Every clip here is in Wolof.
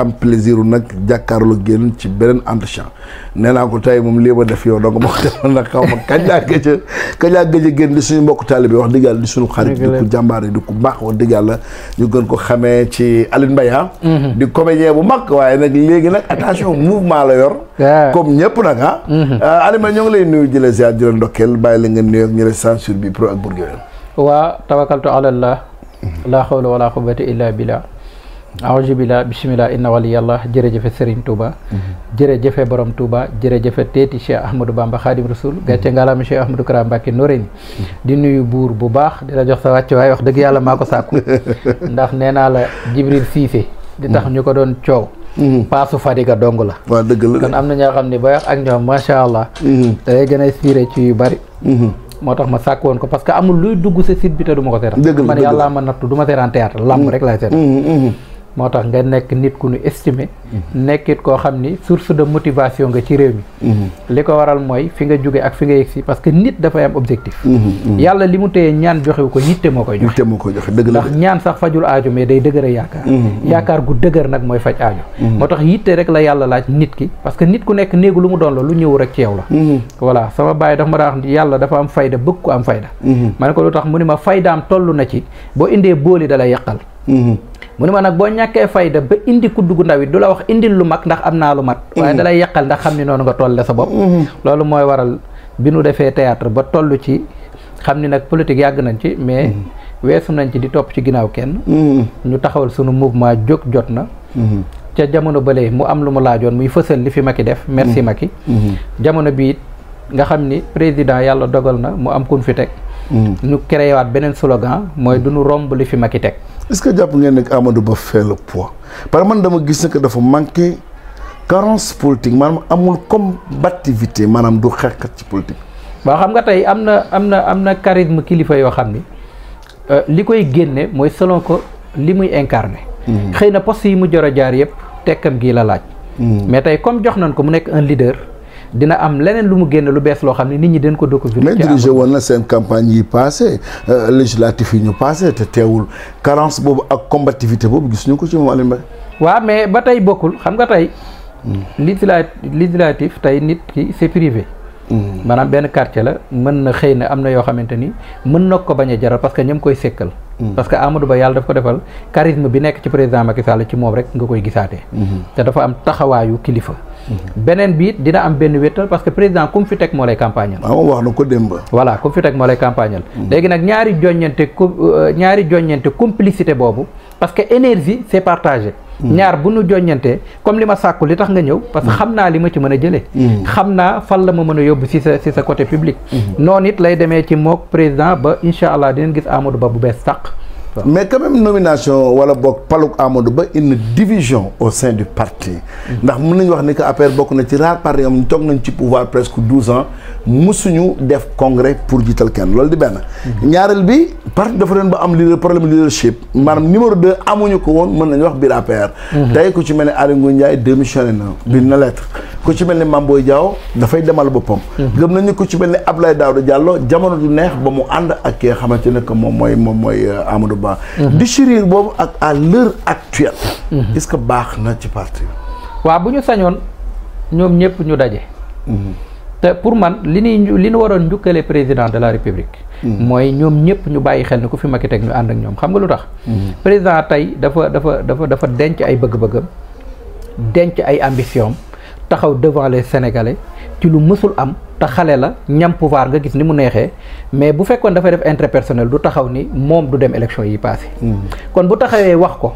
am plaisir nag jàkkaarloo génn ci beneen entrechamp nee naa ko tey moom lii ma def yow donc ma ko defoon nag xaw ma kañ a kañ a génn di suñu mbokk taalibe wax dëgg di suñu xarit di ko jàmbaar di ko baax wax dëgg yàlla ñu gën ko xamee ci Alioune Mbaye ah mhm. di comédien bu mag waaye nag léegi nag attention mouvement la yor comme ñëpp nag a ah. mhm. euh, Alioune Mbaye ñoo ngi lay nuyu di la ziar di la ndokkeel bàyyi la nga nuyu ak ñu la censure bi pro ak bourgéwél waa tawakaltu alallah la hawla wala quwwata illa aoujibila bisimila inna waliyallah jërëjëfe Serigne Touba mhm. jëfe borom Touba jërëjëfe teeti Cheikh Ahmadou Bamba Khadim Rasoul mhm. gàcce ngalaama Cheikh Ahmadou Kara Mbacké Noreyni mhm. di nuyu buur bu baax di jox sa wàcc waaye wax dëgg yàlla maa ko sàkku ndax nee naa la Jibril Cissé di tax ñu ko doon coow paasu fadiga dong la waaw dëgg la kon am na ñoo xam ne ba wax ak ñoom macha allah day gën a inspiré ci yu bari moo tax ma sàkk woon ko parce que amul luy dugg sa site bi te ma ko man yàlla ma nattu du ma rek laay moo tax nga nekk nit ku ñu estimer nekkit koo xam ni source de motivation nga ci réew mi mhm. li ko waral mooy fi nga jóge ak fi nga yegsi parce que nit dafay am objectif mhm, mhm. yàlla li mu téye ñaan joxewu ko yitte moo koy joxe la ndax ñaan sax fajul aajo mais day dëgër a yaakaar yaakaar gu dëgër nag mooy faj aajo moo tax yitte rek la yàlla laaj nit ki parce que nit ku nekk néegu lu mu doon la lu ñëw rek ci yow la voilà sama bàyyi dafa ma daa wax yàlla dafa am fayda bëgg ko am fayda ma ne ko lu na ci boo da lay yàqal indil lu mag ndax am naa lu mat waaye mhm. dalay yàqal ndax xam ni noonu nga tolle sa bopp mhm. loolu mooy waral bi nu defee théâtre ba toll ci xam ni nag politique yàgg nañ ci mais mhm. weesu nañ ci di topp ci ginnaaw kenn ñu taxawal sunu mouvement jóg jot na ca jamono bële mu am lu mu laajoon muy fësal li fi i def merci Macky jamono bi nga xam ni président yàlla dogal na mu am kun fi teg ñu créé waat beneen slogan mooy du nu romb li fi Macky teg est-ce que jàpp ngeen ne Amadou Ba fait le poids parce que man dama gis ne que dafa manqué carence politique maanaam amul combativité maanaam du xeexkat ci politique. waa xam nga tey am na am na am na charisme kilifa yoo xam ni euh, li koy génne mooy selon ko li muy incarné. Mm. xëy na poste yi mu jor a jaar yëpp tekkam gii la laaj. Mm. mais tey comme jox nañ ko mu nekk un leader. dina am leneen lu mu génn lu bees loo xam ne nit ñi den ko découvrir. mais dirigé woon na seen campagne yi passé euh, législatif yi ñu passé te teewul carence boobu ak combativité boobu gis ñu ko ci moom Alioune Mbaye. waaw mais ba tey bokkul xam nga tey. Hmm. législatif tey nit ki c'est privé. Hmm. maanaam benn quartier la mën na xëy na am na yoo xamante ni mën na ko bañ a jaral parce que ñoom koy sekkal. Mm-hmm. parce que Amadou Ba yàlla daf ko defal charisme bi nekk ci président Macky Sall ci moom rek nga koy gisaatee. Mm-hmm. te dafa am taxawaayu kilifa. Mm-hmm. beneen bi dina am benn wéttal parce que président ku mu fi teg moo lay campagne al. waaw ah, wax na ko démb. voilà ku mu fi teg moo lay campagne al. léegi nag euh, ñaari joññante complicité boobu parce que énergie c'est partagé. Mm. ñaar bu nu joññantee comme li ma sàkku li tax nga ñëw parce que mm. xam naa li ma ci mën a jëlee mm. xam naa fan la ma mën a yóbbu si sa si sa côté public noonu it lay demee ci mook président ba incha allah dinañ gis Amadou Ba bu bees sàq mais quand même nomination wala boog paluk Amadou Ba une division au sein du parti ndax mun nañu wax ni que APR bokk na ci rare parti am toog nañ ci pouvoir presque douze ans musuñu def congrès pour jiital kenn loolu di benn. ñaareel bi parti dafa leen ba am leader problème leadership maanaam numéro de amuñu ko woon mën nañu wax biir APR. Mhm. tey ko ci mel ne Aly Ngouille Ndiaye démissionné na. bind na lettre ku ci mel ni Mame Boye Diao dafay demal boppam. Mhm. gëm nañu ku ci mel ni ne daaw Daouda Diallo jamono du neex ba mu ànd ak ki nga xamante ne que moom mooy moom mooy euh, Amadou Ba. Mhm. déchirure boobu ak à l'heure actuelle. est-ce que baax na ci parti. waaw bu ñu sañoon ñoom ñëpp ñu daje. te pour man li ñuy li ñu waroon njukkalee président de la république. Hmm. mooy ñoom ñëpp ñu bàyyi xel ni ku fi Macky teg ñu ànd ak ñoom xam nga lu tax. Hmm. président tey dafa dafa dafa dafa denc ay bëgg-bëggam denc ay ambition taxaw devant les sénégalais ci lu mësul am te xale la ñam pouvoir nga gis ni mu neexee mais bu fekkoon dafay def intérêt personnel du taxaw ni moom du dem élection yi passé hmm. kon bu taxawee wax ko.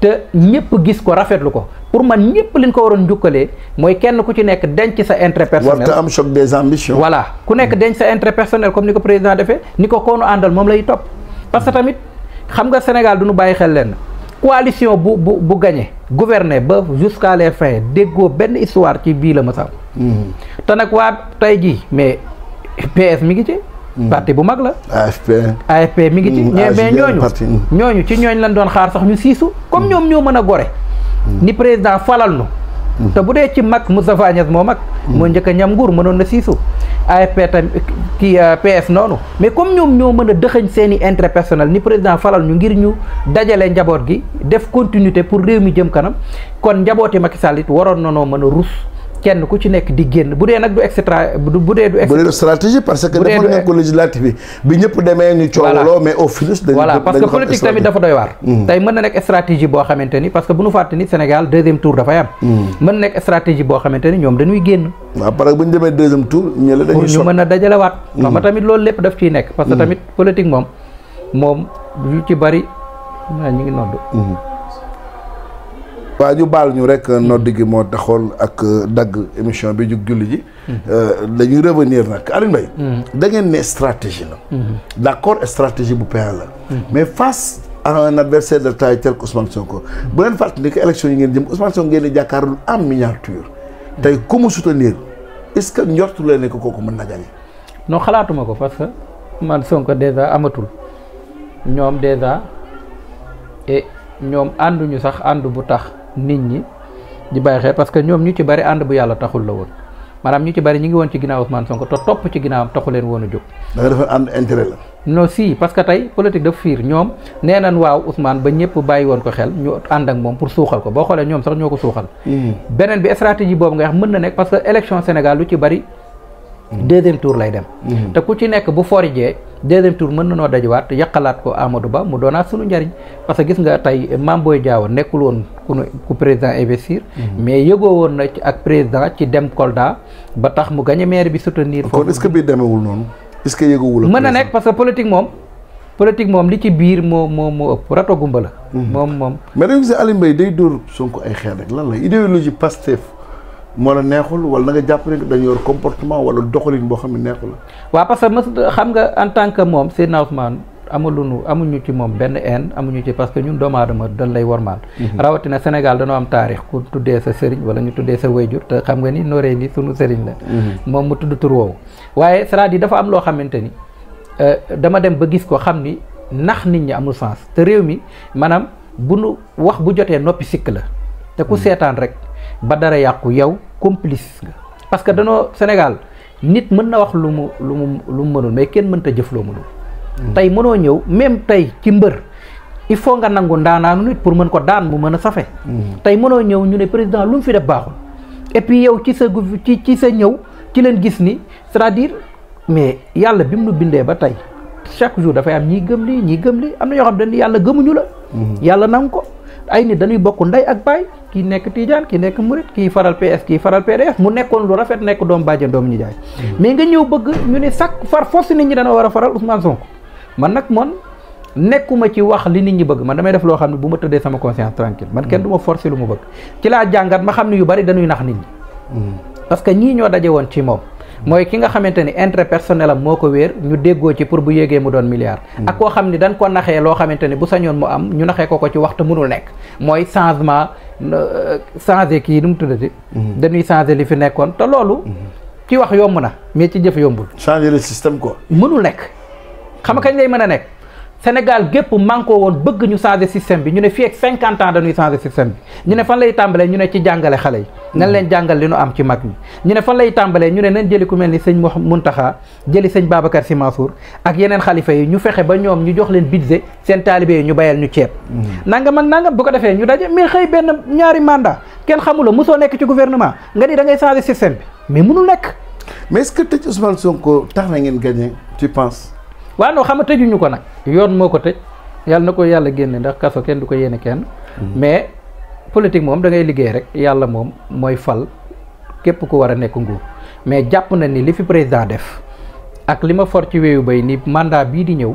te ñëpp gis ko rafetlu ko pour man ñëpp liñ ko waroon njukkalee mooy kenn ku ci nekk denc sa intérêt personnel warta am choc des ambitions. ku nekk mm. denc sa intérêt personnel comme ni ko président defee ni ko koonu àndal moom lay topp parce que tamit xam nga Sénégal du nu bàyyi xel lenn coalition bu bu bu gagné gouverner ba jusqu'à les fins déggoo benn histoire ci bii la ma sàmm te nag waa tey jii mais PS mi ngi ci Mm. parti bu mag la. AFP. AFP mi ngi ci. Mm, mais ñooñu ñooñu ci ñooñu lañ doon xaar sax ñu siisu. comme mm. ñoom ñoo mën a gore. ni président falal nu te bu dee ci mag Moustapha moo mag. moo njëkk a ñam nguur mënoon na siisu. AFP tam kii euh, PS noonu. mais comme ñoom ñoo mën a dëxëñ seen i intérêt personnel ni président falal ñu ngir ñu dajale njaboot gi def continuité pour réew mi jëm kanam kon njabooti Macky Sall it waroon na noo mën a rus. kenn ku ci nekk di génn bu dee nag du extra bu dee du. bu parce que dafa nekk législatif bi bi ñëpp demee ñu coowaloo mais au finish. dañu voilà parce que politique tamit dafa doy waar. Hmm. tey mën na nekk stratégie boo xamante ni parce que bu nu fàtte ni Sénégal deuxième dafay am. Hmm. mën nekk stratégie boo xamante ni ñoom dañuy génn. waaw parce que bu ñu demee deuxième tour ñu mën a dajalewaat. Hmm. xam nga tamit loolu lépp daf ciy nekk. parce que tamit politique moom moom lu ci bari ñu ngi noddu waaw ñu baal ñu rek noddi gi moo taxoon ak euh, dagg émission bi jug julli ji euh, dañuy revenir nag Alioune Mbaye mm-hmm. da ngeen ne stratégie la mm-hmm. d'accord stratégie bu PA la mm-hmm. mais face à un adversaire de taille tel que Ousmane Sonko bu leen fàttali que élection yi ngeen jëm Ousmane Sonko ngeen di jàkkaarloo am miniature tey ku mu soutenir est-ce que njortu leen ne ko kooku mën a gagner non xalaatuma ko parce que Ousmane Sonko déjà amatul ñoom déjà et ñoom ànduñu sax àndu bu tax nit ñi di bàyyi xel parce que ñoom ñu ci bari ànd bu yàlla taxul la woon maanaam ñu ci bari ñu ngi woon ci ginnaaw Ousmane Sonko te topp ci ginnaawam taxu leen woon a jóg. da nga defoon ànd intérêt la. non si parce tey politique daf fiir ñoom nee nañ waaw Ousmane ba ñëpp bàyyi woon ko xel ñu ànd ak moom pour suuxal ko boo xoolee ñoom sax ñoo ko suuxal. Hmm. beneen bi stratégie boobu nga xam mën na nekk parce que élection Sénégal lu ci bari. Hmm. deuxième tour lay dem. Hmm. te ku ci deuxième tour mën na noo dajawaat yàqalaat ko Amadou Ba mu doonaat sunu njariñ parce que gis nga tey Mame Boye Diao nekkul woon ku ku président investir. Mhm. mais yëgoo woon na ci ak président ci dem Kolda ba tax mu gañe maire bi soutenir. foofu kon est-ce que bii demewul noonu est-ce que yëgoowul. mën na nekk parce que politique moom. politique moom li ci biir moo moo moo ëpp rato gumba la. Mhm. moom moom. mais dañu gis Aliou Mbaye day dóor Sonko ay xeer rek lan la idéologie moo la neexul wala na jàpp ne dañu yor doxalin boo xam ne neexul. waaw parce que mës xam nga en tant que moom Seydina Ousmane amuluñu amuñu ci moom benn haine amuñu ci parce que ñun doomu aadama dañ lay wormaal. Mhm. rawatina Sénégal dañoo am taarix ku tuddee sa sëriñ wala ñu tuddee sa wayjur te xam nga ni noree ni sunu sëriñ la. Mhm. moom mu tudd tur woowu. waaye cest à dafa am loo xamante ni euh, dama dem ba gis ko xam ni nax nit ñi amul sens te réew mi maanaam bu nu wax bu jotee noppi sikk la te ku mhm. seetaan rek. ba dara yàqu yow complice nga parce que danoo Sénégal nit mën na wax lu mu lu mu lu mu mënul mais kenn mënta jëf loo mënul hmm. tey mënoo ñëw même tey ci mbër il faut nga nangu ndaanaanu nit pour mën ko daan mu mën a safe hmm. tey mënoo ñëw ñu ne président lu mu fi def baaxul et puis yow ci sa ci ci sa ñëw ci leen gis ni cest à mais yàlla bi mu nu bindee ba tey chaque jour dafay am ñiy gëm li ñii gëm li am na ñoo xam ne yàlla gëmuñu la hmm. yàlla nangu ko ay nit dañuy bokk ndey ak baay kii nekk Tidiane kii nekk Murit kii faral PS kii faral PDS mu nekkoon lu rafet nekk doom bàjjen doom ñi jaay hmm. mais nga ñëw bëgg ñu ni sax far force nit ñi dana war a faral Ousmane Sonko man nag man nekkuma ci wax li nit ñi bëgg man damay def loo xam ne bu ma tëddee sama conscience tranquille man kenn hmm. du ma forcer lu ma bëgg ci laa jàngat ma xam ne yu bari dañuy nax nit ñi hmm. parce que ñii ñoo daje woon ci moom mooy ki nga xamante ni intérêt personnel am moo ko wéer ñu déggoo ci pour bu yéegee mu doon milliard hmm. ak koo xam ni dañ ko naxee loo xamante ni bu sañoon mu am ñu naxee ko ko ci waxtu mënul nekk mooy changement euh, changé kii nu mu tuddati hmm. dañuy changé li fi nekkoon te loolu hmm. ci wax yomb na mais ci jëf yombul changer le système quoi mënul nekk xam nga kañ lay mën a nekk Sénégal gépp mànkoo woon bëgg ñu changer système bi ñu ne fii ak 50 ans dañuy bi ñu ne fan lay tàmbalee ñu ne ci jàngale xale yi mm. nañ leen jàngal li nu am ci mag ñi ñu ne fan lay tàmbalee ñu ne nañ jëli ku mel ni sëñ Muntaxa jëli sëñ Babacar Sy Mansour ak yeneen xalifa yi ñu fexe ba ñoom ñu jox leen budget seen taalibe yi ñu bayal ñu ceeb mm. nangam ak nangam bu ko defee ñu daje mais xëy benn ñaari mandat kenn xamuloo mosoo nekk ci gouvernement nga ni da ngay changer système bi mais mënul nekk mais est que tëj Ousmane Sonko tax na ngeen gagné tu penses waaw non xam nga tëjuñu ko nag yoon moo ko tëj yàlla na ko yàlla génne ndax kaso kenn du ko yéene kenn hmm. mais politique moom da ngay liggéey rek yàlla moom mooy fal képp ku war a nekk nguur mais jàpp na ni li fi président def ak li ma for ci bay ni mandat bii di ñëw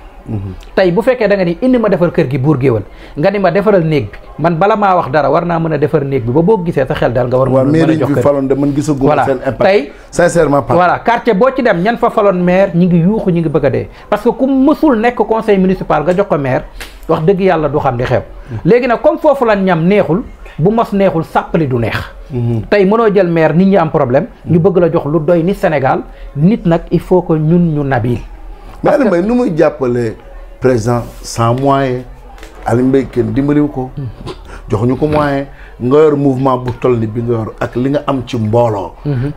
tey bu fekkee da nga ni indi ma defar kër gi buur géwal nga ni ma defaral néeg bi man bala maa wax dara war naa mën a defar néeg bi ba boo gisee sa xel dal nga war mën a jox kër faloon de man gisagu dem ñan fa faloon maire ñi ngi yuuxu ñi ngi bëgg a dee parce que ku mësul nekk conseil municipal ko maire wax dëgg yàlla du xam di xew léegi nag comme foofu lan ñam neexul bu mos neexul sàppali du neex mhm. tey mënoo jël maire nit ñi am problème ñu bëgg la jox lu doy ni Sénégal nit nag il faut que ñun ñu nabil mais Alioune Mbaye nu muy jàppale président sans moyen Alioune Mbaye kenn dimbaliwu ko joxuñu ko moyen nga yor mouvement bu toll ni bi nga yor ak li nga am ci mbooloo mhm.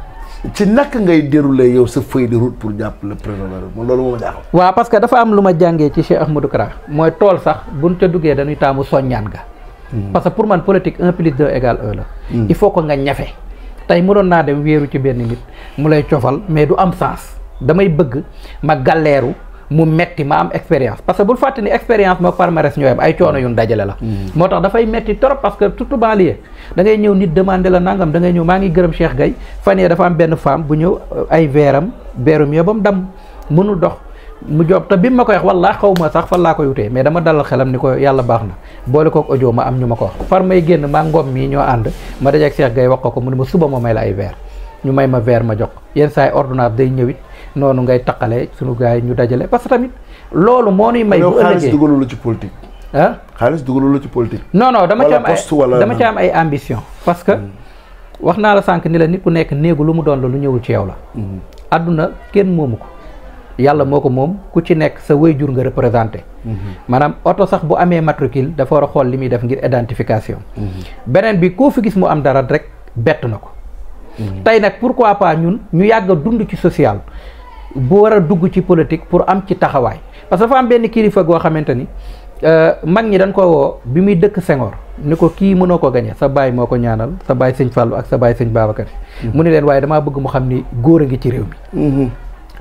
ci naka ngay dérouler yow sa feuille de route pour jàppale président moom loolu moo ma jaaxal waaw parce que dafa am lu ma jàngee ci Cheikh Ahmadou Kara mooy tool sax buñ ca duggee dañuy taamu soññaan ga mhm. parce que pour man politique un plus deux égale un la mhm. il faut ko nga ñafe tey doon naa dem wéeru ci benn nit mu lay cofal mais du am sens damay bëgg ma galleeru mu metti ma am expérience parce que bul fàtte ni expérience moo palmarès ñooy am ay coono yu dajale la mm-hmm. moo tax dafay metti trop parce que surtout banlieue da ngay ñëw nit demande la nangam da ngay ñëw maa ngi gërëm Cheikh gay fan yi dafa am benn femme bu ñëw euh, ay veeram veerum mu dam mënul dox mu job te bi ma koy wax wallaahi xaw ma sax fan laa koy wutee mais dama dalal xelam ni ko yàlla baax na boole kook audio ma am ñu ma ko wax far may génn maa ngoom mii ñoo ànd ma dajeeg Cheikh Gaye wax ko ko mu ma suba ma may la ay veer ñu may ma veer ma jox yenn saa yi ordonnance day ñëwit noonu ngay taqale suñu gars yi ñu dajale parce que tamit loolu moo nuy may. bu ëllëgee xaalis ci politique. ah xaalis dugalul la ci politique. non dama ci am ay dama ci am ay ambition. parce que hmm. wax naa la sànq ni la nit ku nekk néegu lu mu doon la lu ñëwul ci yow la. àdduna hmm. kenn moomu ko. yàlla moo ko moom ku ci nekk sa waajur nga représenté. Hmm. maanaam oto sax bu amee matricule dafa war a xool li muy def ngir identification. beneen bi koo fi gis mu am dara rek bett na ko. tey nag pour pourquoi pas ñun ñu yàgg a dund ci social. bu war a dugg ci politique pour am ci taxawaay parce que dafa am benn kilifa goo xamante ni euh, mag ñi dañ ko woo bi muy dëkk Senghor ni ko kii mënoo ko gañe sa baay moo ko ñaanal sa baay sëñ Fallou ak sa baay sëñ Babacar mm-hmm. mu ni leen waaye damaa bëgg mu xam ni góor a ngi ci réew mi mm-hmm.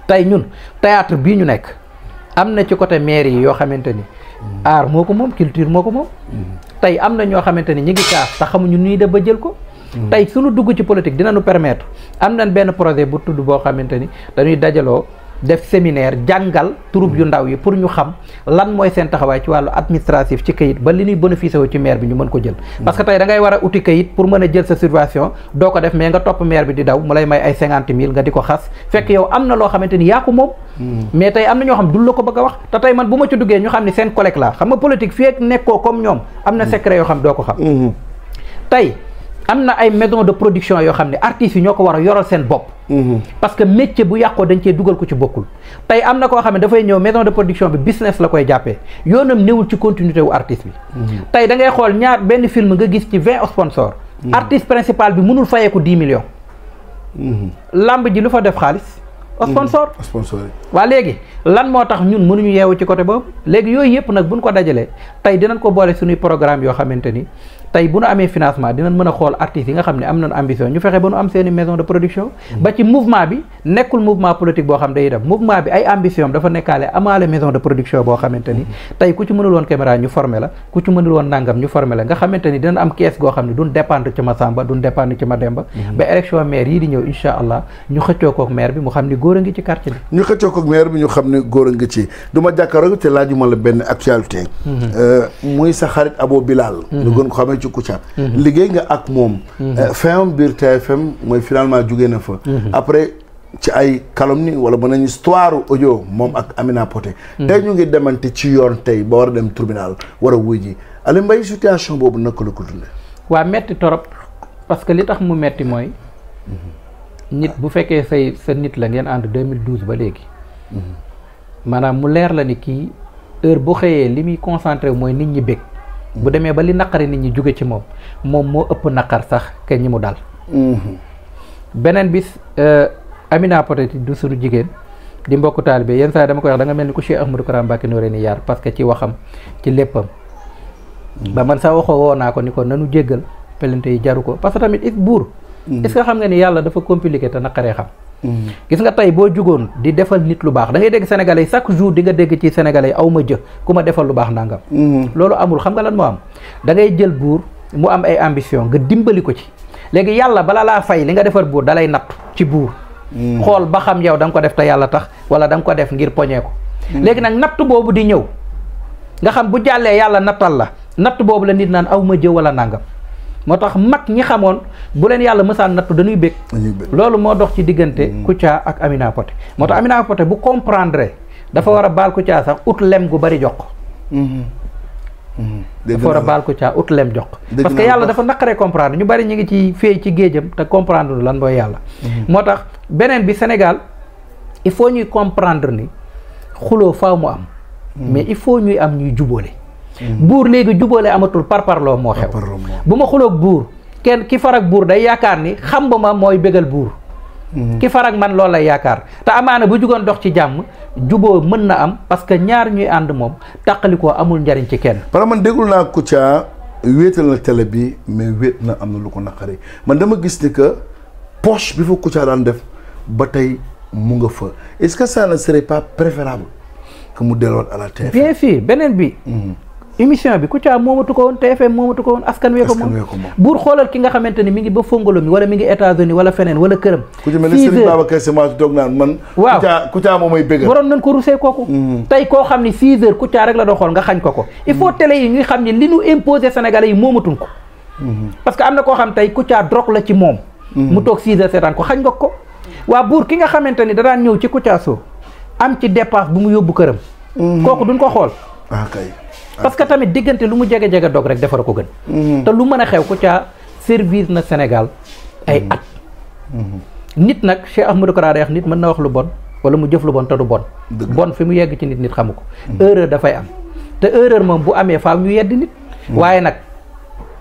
tey ñun théâtre bii ñu nekk am na ci côté maire yi yoo xamante ni aar mm-hmm. moo ko moom culture moo ko moom tey am na ñoo xamante ni ñu ngi kaas te xamuñu nii def ba jël ko Mhm. tey ku dugg ci politique dina nu permettre am nañ benn projet bu tudd boo xamante ni dañuy dajaloo def séminaire jàngal troupe yu mhm. ndaw yi pour ñu xam lan mooy seen taxawaay ci wàllu administratif ci kayit ba li ñuy bénéficié wu ci maire bi ñu mën ko jël mhm. parce que tey ngay war a uti kayit pour mën a jël sa subvention doo ko def mais nga topp maire bi di daw mu lay may ay cinquante mille nga di ko xas fekk yow am na loo xamante ni yaa ko moom mais tey am na ñoo la ko bëgg wax te tey man bu ma ci duggee ñu xam ne seen collègue xam nga politique fii ak nekkoo comme ñoom am na secret yoo doo ko xam tey am na ay maison de production yoo xam ne artistes yi ñoo ko war a yoral seen bopp. Mhm. parce que métier bu yàqoo dañ cee dugal ko ci bokkul. tey am na koo xam ne dafay ñëw maison de production bi business la koy jàppee yoonam newul ci continuité wu artiste bi. Mhm. tey da ngay xool ñaar benn film nga gis ci vingt sponsors. Mhm. artiste principal bi mënul fayeeku dix millions. lamb ji lu fa def xaalis. sponsor sponsor waa léegi lan moo tax ñun mënuñu yeewu ci côté boobu léegi yooyu yëpp nag buñ ko dajalee tey dinañ ko boole suñuy programme yoo xamante ni tey bu nu amee financement dinañ mën a xool artistes yi nga xam ne am nañu ambition ñu fexe ba nu am seeni maison de production mm-hmm. ba ci mouvement bi nekkul mouvement politique boo xam day dafa nekkaale amaale maison de production boo xamante ni mm-hmm. ku ci mënul woon caméra ñu formé la ku ci mënul woon nangam ñu formé la nga xamante ni dinañ am kees goo xam ne duñ dépendre ci Massamba duñ dépendre ci Mademba mm-hmm. ba élection maire yii di ñëw incha allah ñu xëccoo ci Kouthia mhm. liggéey nga ak moom mhm. eh, fin biir TFM mooy finalement jugee na fa mhm. après ci ay calomnie wala mën nañu histoire ojo moom ak Amina Poté tey ñu ngi demante ci yoon tey ba war a dem tribunal war a wuy ji Aly Mbaye situation boobu naka la ko dundee waa metti torop parce que li tax mu metti mooy nit bu fekkee say sa nit la ngeen ànd 2012 ba léegi maanaam mu leer la ni kii heure bu xëyee li muy concentré mooy nit ñi bëgg bu demee ba li naqari nit ñi jóge ci moom moom moo ëpp naqar sax ke ñi mu dal mhm. beneen bis euh, Amina Poté du sunu jigéen di mbokku taalibe yenn saa dama koy wax danga mel ni ku Cheikh Ahmadou Kara Mbacké nooree ni yaar parce que ci waxam ci léppam mhm. ba man sax waxoo woo naa ko ni ko nanu jéggal pelante yi jaru ko parce que tamit it buur mhm. est-ce xam nga ni yàlla dafa compliqué te naqaree xam gis nga tey boo jugoon di defal nit lu baax da ngay dégg sénégalais chaque jour di nga dégg ci sénégalais aw ma jë ku ma defal lu baax ndàngam. Mm-hmm. loolu amul xam nga lan moo am da ngay jël buur mu am ay ambition nga dimbali ko ci léegi yàlla bala laa fay li nga defar buur dalay natt ci buur. Mm-hmm. xool ba xam yow da nga ko def te yàlla tax wala danga nga ko def ngir poñee ko. Mm-hmm. léegi nag natt boobu di ñëw nga xam bu jàllee yàlla nattal la natt boobu la nit naan aw ma jë wala nangam. moo tax mag ñi xamoon bu leen yàlla mësaan nattu dañuy bég loolu moo dox ci diggante mm. Kouthia ak Amina Poté moo tax mm. Amina Poté bu comprendre dafa mm. war a baal Kouthia sax ut lem gu bari jox mm-hmm. Mm-hmm. dafa war a baal Kouthia ut lem jox parce que yàlla dafa naqaree comprendre ñu bari ñu ngi ci féey ci géejam te comprendre lan mooy yàlla mm-hmm. moo tax beneen bi Sénégal il faut ñuy comprendre ni xuloo faaw mu am mais il faut ñuy am ñuy jubóole Mm-hmm. buur léegi jubale amatul par parparloo moo xew bu ma xuloo buur kenn ki farak buur day yaakaar ni xam ba ma mooy bégal buur mm-hmm. ki farak man loolu lay yaakaar te amaana bu jugoon dox ci jàmm juboo mën na am parce que ñaar ñuy ànd moom tàqalikoo amul njariñ ci kenn par man déglu naa Kouthia wéetal na télé bi mais wéet na am na lu ko naqari man dama gis ni que poche bi fa Kouthia daan def ba tey mu nga fa est-ce que ça ne serait pas préférable que mu delluwaat à fii beneen bi mm-hmm. émission bi Kouthia moomatu ko woon TFM moomatu ko woon askan wee ko moom buur xoolal ki nga xamante ni mi ngi ba fongolo mi wala mi ngi États-Unis wala feneen wala këram ku ci mel ni Serigne Babacar Sy Mansour toog naan man waaw Kouthia Kouthia moom ay bëgg waroon nañ ko rusee kooku mm-hmm. tey koo xam ni 6 heures Kouthia rek la doon xool nga xañ ko ko il faut mm-hmm. télé yi ñuy xam ne li ñu imposé Sénégalais yi moomatuñ ko mm-hmm. parce que am na koo xam tey Kouthia drogue la ci moom mu toog 6 seetaan ko xañ nga ko waa buur ki nga xamante ni danaan ñëw ci Kouthia Show am ci dépense bu mu yóbbu këram kooku duñ ko xool ah, parce que tamit diggante lu mu jege jege dog rek defar ko gën. Mhm. te lu mën a xew ku ca service na Sénégal ay mhm. at. Mhm. nit nag Cheikh Ahmadou Kara wax nit mën na wax lu bon wala mu jëf lu bon te du bon. bon fi mu yegg ci nit nit xamu ko. erreur dafay am te erreur moom bu amee faaw ñu yedd nit. waaye nag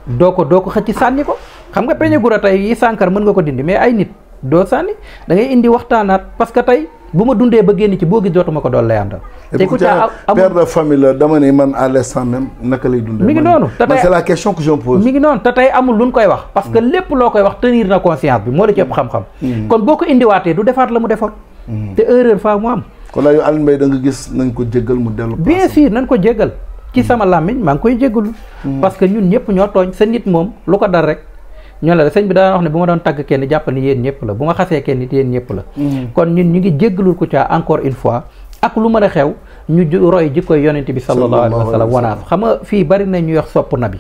doo ko doo ko xëcc sànni ko xam nga peñe gura tey yi sànkar mën nga ko dindi mais ay nit. doo sànni da ngay indi waxtaanaat parce que tey bu ma dundee ba génn ci boo gis dootuma ko doon layandal. te Kouthia amul père de la man à l'instant même lay dundee. mi ngi noonu la question que mi ngi noonu te tey amul lu koy wax. parce que mm. lépp loo koy wax tenir na conscience bi moo la ci ëpp mm. xam-xam. Mm. kon boo ko indiwaatee du defaat la mu defoon. te erreur faa am. kon laa yow Alioune Mbaye da nga gis nañ ko jéggal mu dellu. bien sûr nañ ko jéggal. ci sama làmmiñ maa ngi koy jéggalu. parce que ñun ñëpp ñoo tooñ sa nit moom lu ko dal rek ñoo la sëñ bi daan wax ne bu ma doon tagg kenn jàppal ni yéen ñëpp la bu ma xasee kenn nit yéen la mm-hmm. kon ñun ñu ngi jéggalul ko caa encore une fois ak lu mën a xew ñu roy jikkoy yonent bi sallallahu alayhi wa sallam wanaaf xam nga fii bari na ñu yox sopp nabi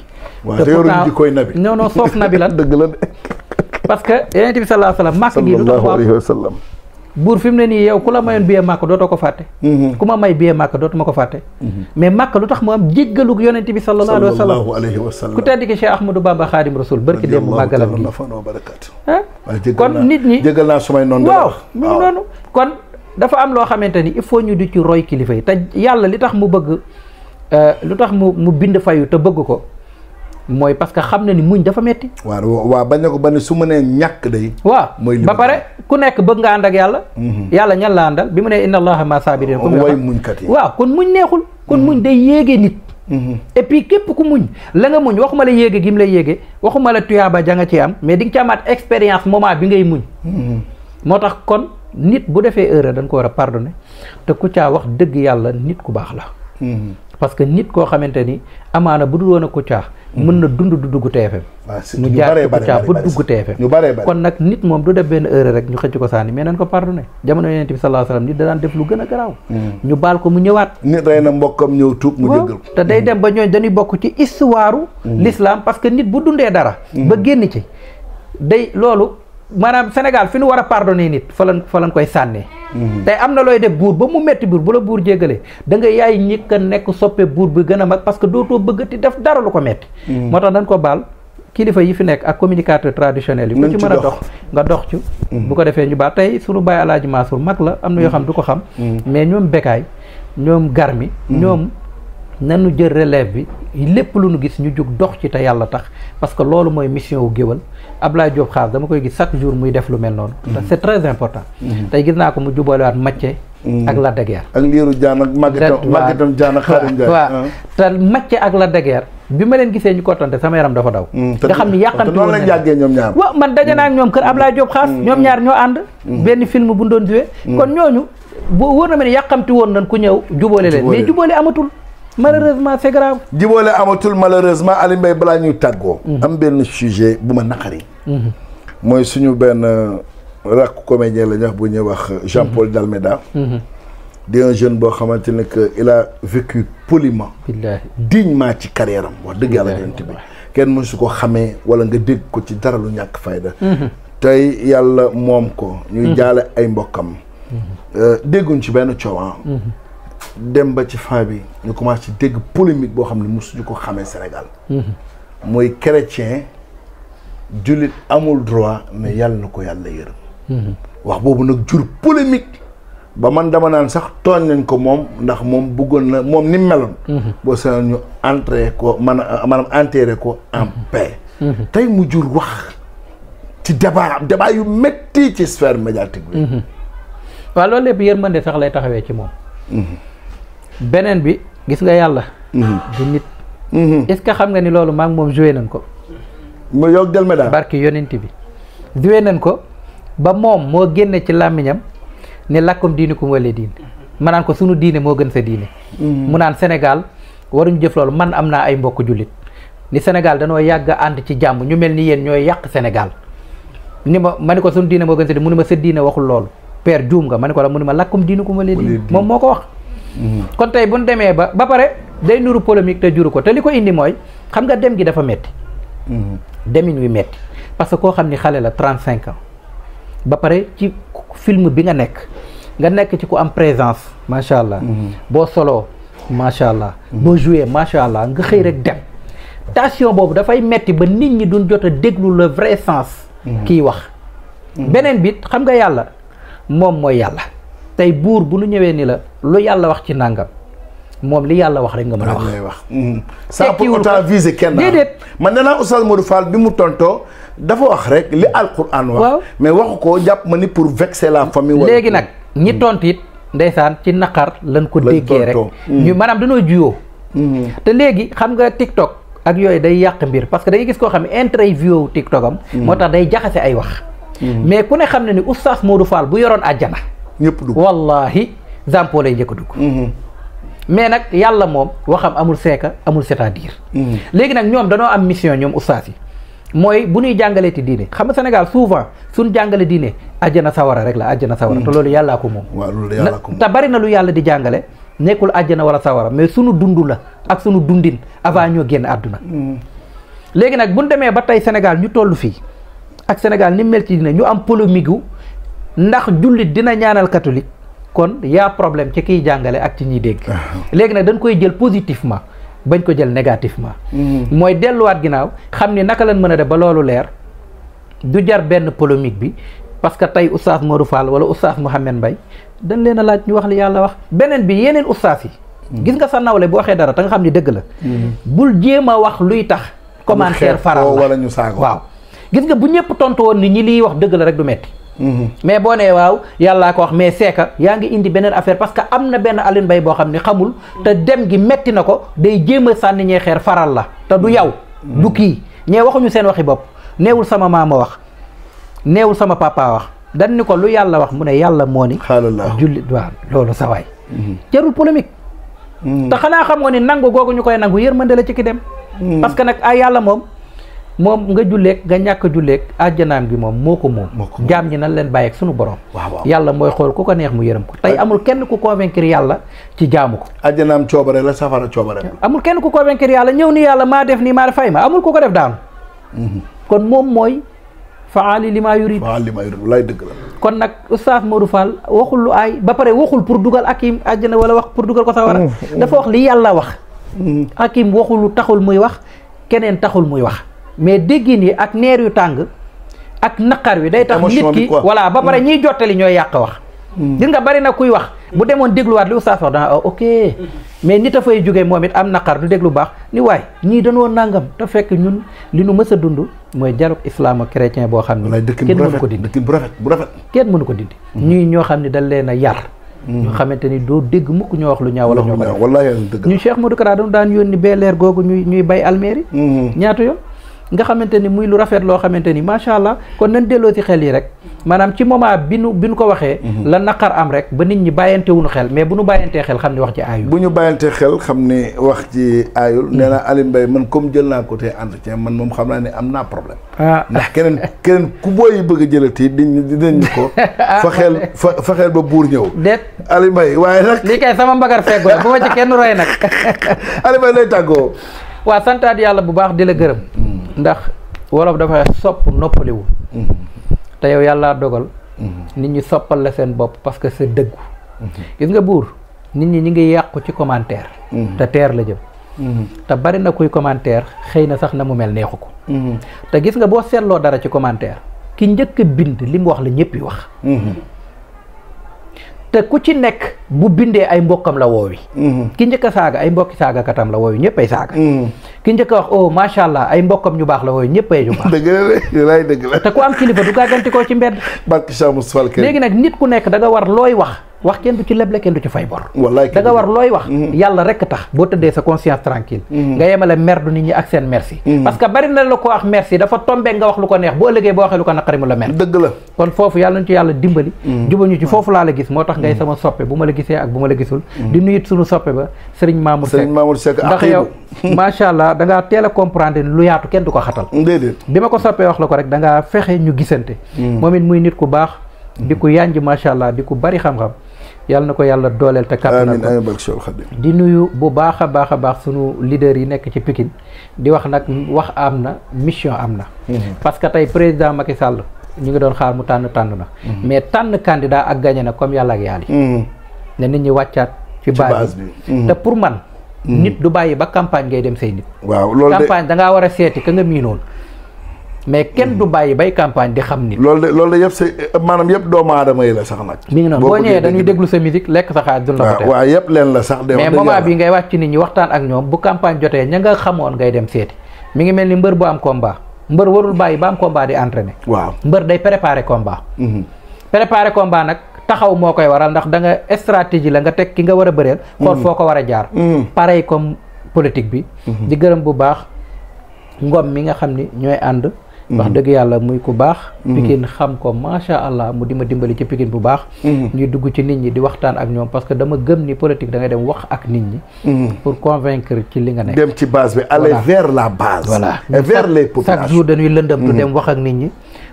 te pourtant jikkoy nabi non non sopp nabi lan dëgg la parce que yonent bi sallallahu alayhi wa sallam màkk gi du buur fi mu ne nii yow ku la mm-hmm. mayoon billet màkk dootoo ko fàtte mm-hmm. ku ma may billet màkk dootuma ko fàtte mm-hmm. mais màkk lu tax mu am jéggalug yonent bi sallallahu alayhi wa sallam ku tedd ki Cheikh Ahmadou Bamba Khadim Rasoul barki démb màggalam gi ah kon nit ñi jéggal naa sumay noonu waaw mu ngi noonu kon dafa am loo xamante ni il faut ñu di ci roy kilifa yi te yàlla li tax mu bëgg euh, lu tax mu mu bind fayu te bëgg ko mooy parce que xam na ni muñ dafa metti waaw waaw bañ na ko ba ne su ma ñàkk day mooy ba pare ku nekk bëgg nga ànd ak yàlla mhm. yàlla ñan la àndal bi mu ne inna allaha ma saabiriin comme way muñkat yi waaw kon muñ neexul kon mhm. muñ day yéege nit mhm. et puis képp ku muñ la nga muñ waxuma la yéege gi mu lay yéege waxuma la tuyaaba ja nga ci am mais di nga ci amaat expérience moment bi ngay muñ moo tax kon nit bu defee erreur dañ ko war a pardonner te ku caa wax dëgg yàlla nit ku baax la parce que nit koo xamante ni amaana bu dul woon a ku caa mën na dund du dugg TFM ah, mu jaar Kouthia ba dugg TFM kon nag nit moom du def benn erreur rek ñu xëcc ko saani mais nañ ko pardonné jamono yonent bi sallallahu alayhi wasallam nit da daan def lu gën a garaaw hmm. ñu baal ko mu ñëwaat nit rey na mbokkam ñëw tuub mu jéggal ko te day hmm. dem ba ñooñ dañuy bokk ci histoire hmm. lislaam parce que nit bu dundee dara ba génn ci day loolu maanaam Sénégal fi nu war a pardonné nit fa lan fa koy sànnee. Mhm. tey am na looy def buur ba mu metti buur bu la buur jégalee da nga yaay ñëkk nekk soppe buur bi gën a mag parce que dootoo bëggati def dara lu ko metti mhm. moo tax dañ ko baal kilifa yi fi nekk ak communicateur traditionnel yi ku ci mën a dox nga dox ci mhm. bu ko defee ñu baal tey suñu bàyyi alaaji Mansour mag la am na yoo xam du ko xam mais ñoom bekaay ñoom garmi ñoom nanu jël relève bi lépp lu nu gis ñu jóg dox ci te yàlla tax parce que loolu mooy mission wu géwal Ablaye Diop xaas dama koy gis chaque jour muy def lu mel noonu. te mm-hmm. c'est très important. Mm-hmm. tey gis naa ko mu jubalewaat Mathieu. Mm-hmm. ak Lac de Guiers. ak Lirou Diane ak Maguette Maguette Diane ak Khadim Ndiaye waaw ah. te Mathieu ak Lac de bi ma leen gisee ñu ko kontante sama yaram dafa daw. Mm, nga xam ni yàqante noonu lañ yàggee ñoom ñaar. waaw man daje naa ak mm. ñoom kër Ablaye Diop xaas. Mm. ñoom ñaar ñoo ànd. benn film bu ñu doon duwee. kon ñooñu bu wóor na ma ne yàqamti woon nañ ku ñëw jubóole leen malheureusement c'est grave. jiboole amatul malheureusement Aliou Mbaye balaa ñuy tàggoo. Mhm. am benn sujet bu ma naqari. Mhm. mooy suñu benn euh, rakk comédien la ñu wax bu ñuy wax euh, Jean Paul mhm. Dalméda. di un jeune boo xamante ne que il a vécu poliment. dignement ci carrière am wax dëgg yàlla yonent bi kenn mësu ko xamee wala nga dégg ko ci dara lu ñàkk fayda. tey yàlla moom ko. ñuy jaale ay mbokkam. Euh, dégguñ ci benn coowaan. Ah. dem ba ci fin bi ñu commencé ci dégg polémique boo xam ne mu mosuñu ko xamee Sénégal mooy chrétien jullit amul droit mais yàlla na ko yàlla yërëm wax boobu nag jur polémique ba man dama naan sax tooñ nañ ko moom ndax moom bëggoon na moom ni meloon boo seen ñu entré ko man maanaam enterré ko en paix tey mu jur wax ci débat débat yu métti ci sphère médiatique bi waaw loolu lépp yërmande sax lay taxawee ci moom beneen bi gis nga yàlla. Mhm. du nit. Mhm. est ce que xam nga ni loolu maa moom joué nañ ko. mu yokk jël médaille. barki yonent bi joué nañ ko ba moom moo génne ci làmmiñam ne lakkum diini ku wala diin ma naan ko sunu diine moo gën sa diine. Mhm. mu naan Sénégal waruñu jëf loolu man am naa ay mbokk jullit ni Sénégal danoo yàgg ànd ci jàmm ñu mel ni yéen ñooy yàq Sénégal ni ma ma ko sunu diine moo gën sa diine mu ne ma sa diine waxul loolu père juum nga ma ne ko la mu ne ma lakkum diini ku wala diin moom moo ko wax. kon tey bu ñu demee ba ba pare day nuru polémique te juru ko te li ko indi mooy xam nga dem gi dafa metti mm-hmm. demin wi metti parce que koo xam ni xale la trente cinq ans ba pare ci film bi nga nekk nga nekk ci ku am présence macha allah. Mm-hmm. boo soloo macha allah. Mm-hmm. boo joué macha allah nga xëy rek dem tension boobu dafay metti ba nit ñi duñ jot a déglu la vrai sens. kiy wax beneen bit xam nga yàlla moom mooy yàlla. tey buur bu lu ñëwee ni la lu yàlla wax ci nàngam moom li yàlla wax rek nga mën a wax sans pour autant viser kenn ah. déedéet man nee naa Oustaz Modou Fall bi mu tontoo dafa wax rek li alquran wax waaw mais waxu ko jàpp ma ni pour vexer la famille léegi nag ñi hmm. tont it ndeysaan ci naqar lañ ko déggee rek hmm. ñu maanaam dañoo juyoo hmm. te léegi xam nga TikTok ak yooyu day yàq mbir parce que da gis koo xam ne interview TikTok am moo tax day jaxase ay wax mais ku ne xam ne ni Oustaz Modou Fall bu yoroon àjjana ñëpp dugg wallaahi Zampo lay njëkk a dugg. Mhm. mais nag yàlla moom xam amul seeka amul cest à mhm. léegi nag ñoom danoo am mission ñoom ustaas yi mooy bu ñuy jàngalee ti diine xam nga Sénégal souvent suñ jàngale diine àjjana sawara rek la àjjana sawara. Mhm. te loolu yàllaa ko moom. waaw te bari na lu yàlla di jàngale nekkul àjjana wala sawara mais sunu dund la ak suñu dundin avant ñoo génn àdduna. léegi nag bu ñu demee ba tey Sénégal ñu toll fii ak Sénégal ni mel ñu am polémique ndax jullit dina ñaanal katolik kon yaa problème ci kiy jàngale ak ci ñiy dégg ah. léegi nag dañ koy jël positivement bañ ko jël négativement mm-hmm. mooy delluwaat ginnaaw xam ni naka lañ mën a def ba loolu leer du jar benn polémique bi parce que tey oustaz Modou Fall wala oustaz Mouhamed Mbaye dañ leen a laaj ñu wax li yàlla wax beneen bi yeneen oustaz yi mm-hmm. gis nga sa nawle bu waxee dara te nga xam ni dëgg la mm-hmm. bul jéem a wax luy tax commentaire faral la wala ñu saago waaw gis nga bu ñëpp tontu woon ni ñi liy wax dëgg la rek du metti mais boo nee waaw yàllaa ko wax mais seeka yaa ngi indi beneen affaire parce que am na benn Alioune bay boo xam ne xamul te dem gi metti na ko day jéem a sànni ñee xeer faral la te du yow du kii ñee waxuñu seen waxi bopp neewul sama maam a wax neewul sama papa wax dan ni ko lu yàlla wax mu ne yàlla moo ni jullit waaw loolu sa waay mm-hmm. jarul polémique mm-hmm. te xanaa xam nga ni nangu googu ñu koy nangu yërmande la ci ki dem mm-hmm. parce que nag ay yàlla moom moom nga julleeg nga ñàkk julleeg àjjanaam gi moom moo ko moom jaam ñi nan leen bàyyeeg suñu borom waaw yàlla mooy xool ku ko neex mu yërëm ko tey ah. amul kenn ku convaincre yàlla ci jaamu ko àjjanaam coobare la safara coobare la amul kenn ku convaincre yàlla ñëw ni yàlla maa def nii maa fay ma amul ku ko def daanu mhm. kon moom mooy faali li maa yurid faali li maa yurid lay dëgg kon nag oustaz Modou Fall waxul lu aay ba pare waxul pour dugal akim àjjana wala wax pour dugal ko sawara dafa wax li yàlla wax mhm. akim waxul lu taxul muy wax keneen taxul muy wax mais déggin yi ak neer yu tàng ak naqar wi day tax nit ki voilà ba pare mm. ñiy jottali ñoo yàq wax mm. gis bari na kuy wax bu demoon dégluwaat li oustaz wax dana ah, ok mais nit a fay jógee moom it am naqar du déglu baax ni waay ñii dañoo nangam te fekk ñun li nu mës a dund mooy dialogue islamo chrétien boo xam ne kenn mënu ko dindi bu rafet bu rafet kenn mënu ko dindi mm-hmm. ñuy ñoo xam ne dañ leen a yar mm-hmm. ñoo xamante ni doo dégg mukk ñoo wax lu ñaaw wala ñoo ko ñu Cheikh Modou Kara dañu daan yónni bee leer googu ñuy ñuy bay alméeri mm-hmm. ñaatu yoon nga xamante ni muy lu rafet loo xamante ni macha allah kon nañ delloo ci xel yi rek maanaam ci moment bi nu bi nu ko waxee mhm. la naqar am rek ba nit ñi bàyyante wuñu xel mais bu ñu bàyyantee xel xam ne wax ci aayul bu ñu bàyyantee xel xam ne wax ci aayul mhm. nee naa Aliou Mbaye man comme jël naa côté entretien man moom xam naa ne am naa problème ah. ndax keneen keneen ku booy bëgg a jëlati diñ dinañ ko fa xel fa fa xel ba buur ñëw déet Aliou waaye nag lii kay sama mbagar feggu la bu ma ci kenn roy nag Aliou Mbaye lay waaw santaat yàlla bu baax di la gërëm ndax wolof dafa sopp noppaliwu mm-hmm. te yow yàllaa dogal mm-hmm. nit ñi soppal la seen bopp parce que sa dëggu mm-hmm. gis nga buur nit ñi ñu ngi yàqu ci commentaire te teer la jëm te bari na kuy commentaire xëy na sax na mu mel neexu ko te gis nga boo seetloo dara ci commentaire ki njëkk a bind li mu wax la ñëpp yi wax te ku ci nekk bu bindee ay mbokkam la woowi mm-hmm. ki njëkk a saaga ay mbokki saagakatam la woowi ñëpp ay saaga mm-hmm. ki njëkk a wax oh macha allah ay mbokkam ñu baax la woowi ñëpp ay te ku am kilifa du gàggantikoo ci mbedd léegi nag nit ku nekk da war looy wax wax kenn du ci leble kenn du ci fay bor wallaay war looy wax mm-hmm. yàlla rekk tax boo tëddee sa conscience tranquille nga yemale mer du nit ñi ak seen merci parce que bari na la ko wax merci dafa tombé nga wax lu ko gisee ak bu ma la gisul mm-hmm. di nuyit sunu soppe ba sëriñ Mamour Seck sëriñ yow macha allah dangaa ngaa teel a comprendre lu yaatu kenn du ko xatal déedéet bi ma ko soppee wax la ko rek da fexe ñu gisante mm-hmm. moom it muy nit ku baax mm-hmm. di ku yànj macha allah di ku bari xam-xam yàlla na ko yàlla dooleel te kàttanal ko di nuyu bu baax a baax a baax sunu leader yi nekk ci Pikine di wax nag wax am na mission am na parce que tey président Macky Sall ñu ngi doon xaar mu tànn tànn na mais tànn ne nit ñi wàccaat ci base bi mhm. te pour man mhm. nit du bàyyi ba campagne ngay dem say nit waaw loolu campagne da ngaa war a seeti ka nga miinoon mais kenn mhm. du bàyyi bay campagne di xam nit loolu de loolu de yëpp sa maanaam yëpp doomu aadama yi la sax nag mi ngi noonu boo ñëwee dañuy déglu sa musique lekk sa xaalis dun la ko waaw yëpp leen la sax de mais moment bi ngay waxtaan ak ñoom bu campagne jotee ña nga xamoon ngay dem seeti mi ngi mel ni mbër bu am komba mbër warul bàyyi ba am combat di entraîné waaw mbër day préparé combat préparé combat nag taxaw moo koy waral ndax da nga la nga teg ki nga war a bëreel xool mm. foo ko war a jaar mm. pareil comme politique bi mm-hmm. di gërëm bu baax ngom mi nga xam ni ñooy ànd mm-hmm. wax dëgg yàlla muy ku baax mm-hmm. Pikine xam ko macha allah mu di ma dimbali ci Pikine bu baax ñuy dugg ci nit ñi di waxtaan ak ñoom parce que dama gëm ni politique da ngay dem wax ak nit ñi pour convaincre ci li nga ne dem ci base bi aller vers la base voilà vers les populations chaque jour dañuy lëndëm du wax ak nit ñi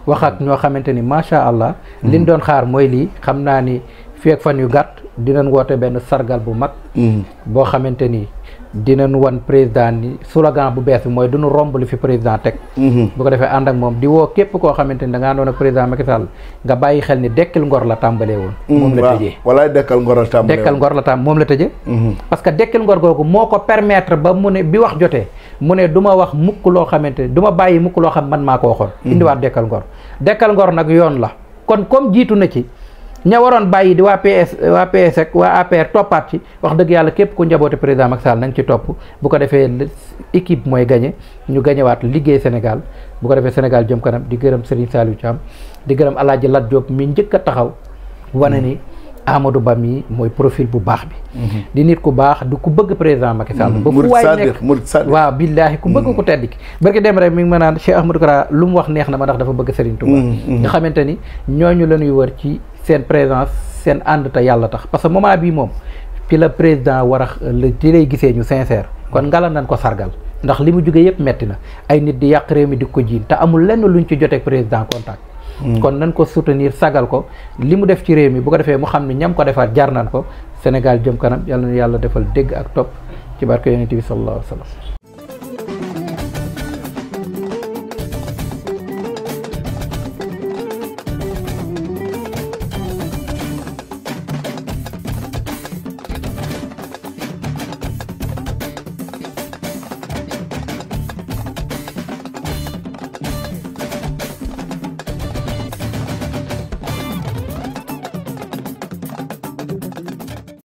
wax ak ñoo xamante ni macha allah. Mm-hmm. liñ doon xaar mooy lii xam naa ni fii ak fan yu gàtt dinañ woote benn sargal bu mag. Mm-hmm. boo xamante ni dinañ wan président ni slogan bu bees bi mooy duñu romb li fi président teg. Mm-hmm. bu ko defee ànd ak moom di woo képp koo xamante ni da ngaa àndoon ak président Macky Sall nga bàyyi xel ni dekkil ngor la tàmbalee woon. moom la tëjee walaay dekkal ngor la tàmbalee dekkal ngor la tàmb moom la tëjee. parce que dekkil ngor googu moo ko permettre ba mu ne bi wax jotee mu ne du ma wax mukk loo xamante du ma bàyyi mukk loo xam man maa ko waxoon. indiwaat dekkal dekkal ngor nag yoon la kon comme jiitu na ci ña waroon bàyyi di waa PS waa PS ak waa APR toppaat ci wax dëgg yàlla képp ku njaboote président Macky Sall nañ ci topp bu ko defee équipe mooy gagné ñu gañewaat liggéey Sénégal bu ko defee Sénégal jëm kanam di gërëm Serigne ci am di gërëm El ji Lat Diop mi njëkk a taxaw wane nii Amadou Ba mi mooy profil bu baax bi. Mhm. di nit ku baax du ku bëgg président Macky Sall. Mhm. ba fu waay nekk waaw billaahi ku bëgg ku mhm. tedd ki. barki dem rek mi ngi ma naan Cheikh Ahmadou Kara lu mu wax neex na ma ndax dafa bëgg Serigne Touba. nga xamante ni ñooñu la ñuy wër ci seen présence seen ànd te yàlla tax parce que bii moom ci la président war a ci lay gisee ñu sincère kon ngala ko sargal. ndax li mu jógee yëpp metti na ay nit di yàq réew mi di Mm. kon nan ko soutenir sagal ko li mu def ci réew mi bu ko defee mu xam ne ñam ko defaat jar naan ko Sénégal jëm kanam yàlla na yàlla defal dégg ak topp ci barke yonent bi sallallahu alayhi wa sallam